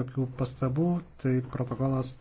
jokių pastabų, tai protokolas